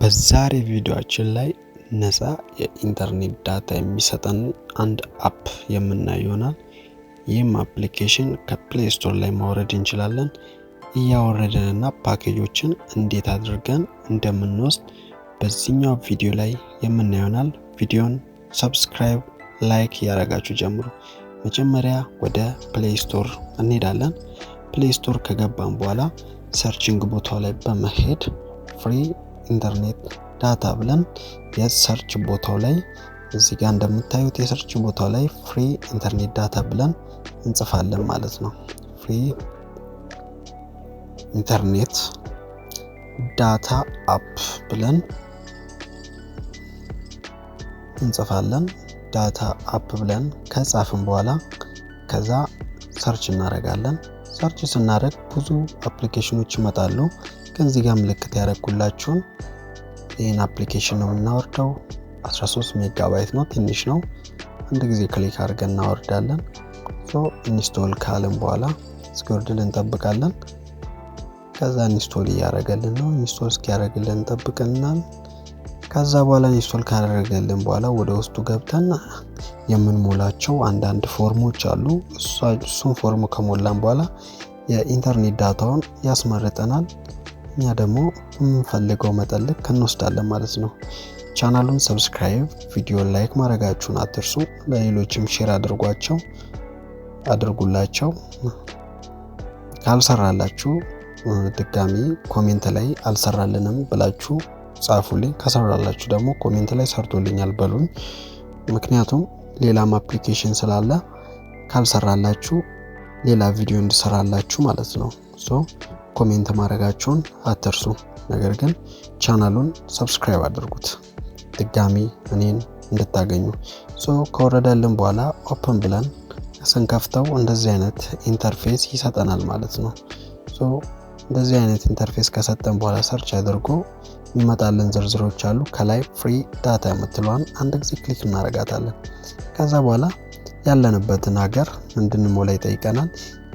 በዛሬ ቪዲዮችን ላይ ነፃ የኢንተርኔት ዳታ የሚሰጠን አንድ አፕ የምናየው ይሆናል። ይህም አፕሊኬሽን ከፕሌይ ስቶር ላይ ማውረድ እንችላለን። እያወረደንና ፓኬጆችን እንዴት አድርገን እንደምንወስድ በዚህኛው ቪዲዮ ላይ የምናየው ይሆናል። ቪዲዮን ሰብስክራይብ፣ ላይክ እያደረጋችሁ ጀምሩ። መጀመሪያ ወደ ፕሌይ ስቶር እንሄዳለን። ፕሌይ ስቶር ከገባን በኋላ ሰርችንግ ቦታው ላይ በመሄድ ፍሪ ኢንተርኔት ዳታ ብለን የሰርች ቦታው ላይ እዚህ ጋር እንደምታዩት የሰርች ቦታው ላይ ፍሪ ኢንተርኔት ዳታ ብለን እንጽፋለን ማለት ነው። ፍሪ ኢንተርኔት ዳታ አፕ ብለን እንጽፋለን። ዳታ አፕ ብለን ከጻፍን በኋላ ከዛ ሰርች እናደርጋለን። ሰርች ስናደርግ ብዙ አፕሊኬሽኖች ይመጣሉ። ከዚህ ጋር ምልክት ያደረግኩላችሁን ይህን አፕሊኬሽን ነው የምናወርደው። 13 ሜጋባይት ነው፣ ትንሽ ነው። አንድ ጊዜ ክሊክ አድርገን እናወርዳለን። ኢንስቶል ካልን በኋላ እስኪወርድልን እንጠብቃለን። ከዛ ኢንስቶል እያደረገልን ነው። ኢንስቶል እስኪያደረግልን እንጠብቅናል። ከዛ በኋላ ኢንስቶል ካደረገልን በኋላ ወደ ውስጡ ገብተን የምንሞላቸው አንዳንድ ፎርሞች አሉ። እሱን ፎርም ከሞላን በኋላ የኢንተርኔት ዳታውን ያስመርጠናል። እኛ ደግሞ የምንፈልገው መጠን ልክ እንወስዳለን ማለት ነው። ቻናሉን ሰብስክራይብ፣ ቪዲዮ ላይክ ማድረጋችሁን አትርሱ። ለሌሎችም ሼር አድርጓቸው አድርጉላቸው። ካልሰራላችሁ ድጋሚ ኮሜንት ላይ አልሰራልንም ብላችሁ ጻፉልኝ። ከሰራላችሁ ደግሞ ኮሜንት ላይ ሰርቶልኛል በሉኝ። ምክንያቱም ሌላም አፕሊኬሽን ስላለ ካልሰራላችሁ ሌላ ቪዲዮ እንድሰራላችሁ ማለት ነው። ኮሜንት ማድረጋችሁን አትርሱ። ነገር ግን ቻናሉን ሰብስክራይብ አድርጉት ድጋሚ እኔን እንድታገኙ። ሶ ከወረደልን በኋላ ኦፕን ብለን ስንከፍተው እንደዚህ አይነት ኢንተርፌስ ይሰጠናል ማለት ነው። ሶ እንደዚህ አይነት ኢንተርፌስ ከሰጠን በኋላ ሰርች አድርጎ ይመጣልን ዝርዝሮች አሉ። ከላይ ፍሪ ዳታ የምትለዋን አንድ ጊዜ ክሊክ እናደርጋታለን። ከዛ በኋላ ያለንበትን ሀገር እንድንሞላ ይጠይቀናል።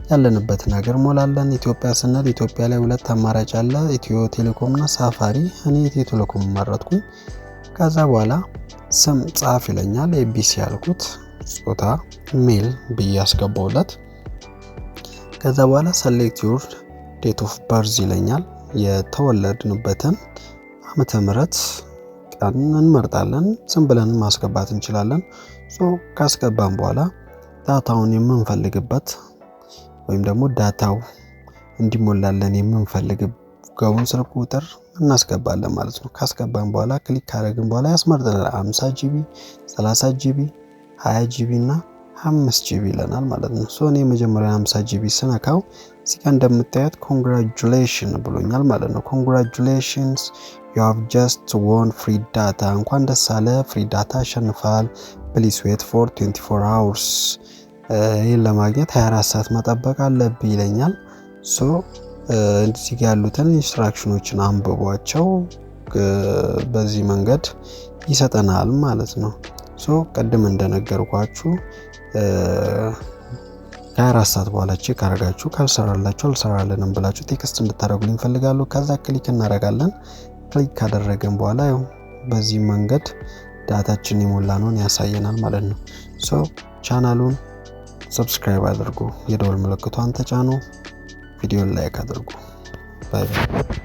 ያለንበትን ሀገር ሞላለን። ኢትዮጵያ ስንል ኢትዮጵያ ላይ ሁለት አማራጭ አለ፣ ኢትዮ ቴሌኮም ሳፋሪ። እኔ ኢትዮ ቴሌኮም መረጥኩኝ። ከዛ በኋላ ስም ጻፍ ይለኛል። ኤቢሲ ያልኩት ጾታ ሜል ብዬ ያስገባውለት። ከዛ በኋላ ሰሌክት ዩር ዴት ኦፍ በርዝ ይለኛል። የተወለድንበትን አመተ ምህረት ቀን እንመርጣለን። ስም ብለን ማስገባት እንችላለን። ሶ ካስገባን በኋላ ዳታውን የምንፈልግበት ወይም ደግሞ ዳታው እንዲሞላለን የምንፈልገውን ስልክ ቁጥር እናስገባለን ማለት ነው። ካስገባን በኋላ ክሊክ ካደረግን በኋላ ያስመርጠናል። 50 ጂቢ፣ 30 ጂቢ፣ 20 ጂቢ እና 5 ጂቢ ይለናል ማለት ነው። ሶ እኔ መጀመሪያ 50 ጂቢ ስነካው እዚህ ጋር እንደምታዩት ኮንግራጁሌሽን ብሎኛል ማለት ነው። ኮንግራጁሌሽንስ ዩ ሃቭ ጀስት ዎን ፍሪ ዳታ፣ እንኳን ደስ አለ ፍሪ ዳታ አሸንፋል። ፕሊስ ዌት ፎር 24 አወርስ ይህን ለማግኘት 24 ሰዓት መጠበቅ አለብ ይለኛል። ሶ እዚህ ያሉትን ኢንስትራክሽኖችን አንብቧቸው በዚህ መንገድ ይሰጠናል ማለት ነው። ሶ ቅድም እንደነገርኳችሁ ከ24 ሰዓት በኋላ ቼክ አደርጋችሁ ካልሰራላችሁ አልሰራለንም ብላችሁ ቴክስት እንድታደርጉልኝ ይፈልጋሉ። ከዛ ክሊክ እናደርጋለን። ክሊክ ካደረገን በኋላ ያው በዚህ መንገድ ዳታችን የሞላ ነውን ያሳየናል ማለት ነው። ሶ ቻናሉን ሰብስክራይብ አድርጉ፣ የደወል ምልክቷን ተጫኑ፣ ቪዲዮን ላይክ አድርጉ። ባይ ባይ።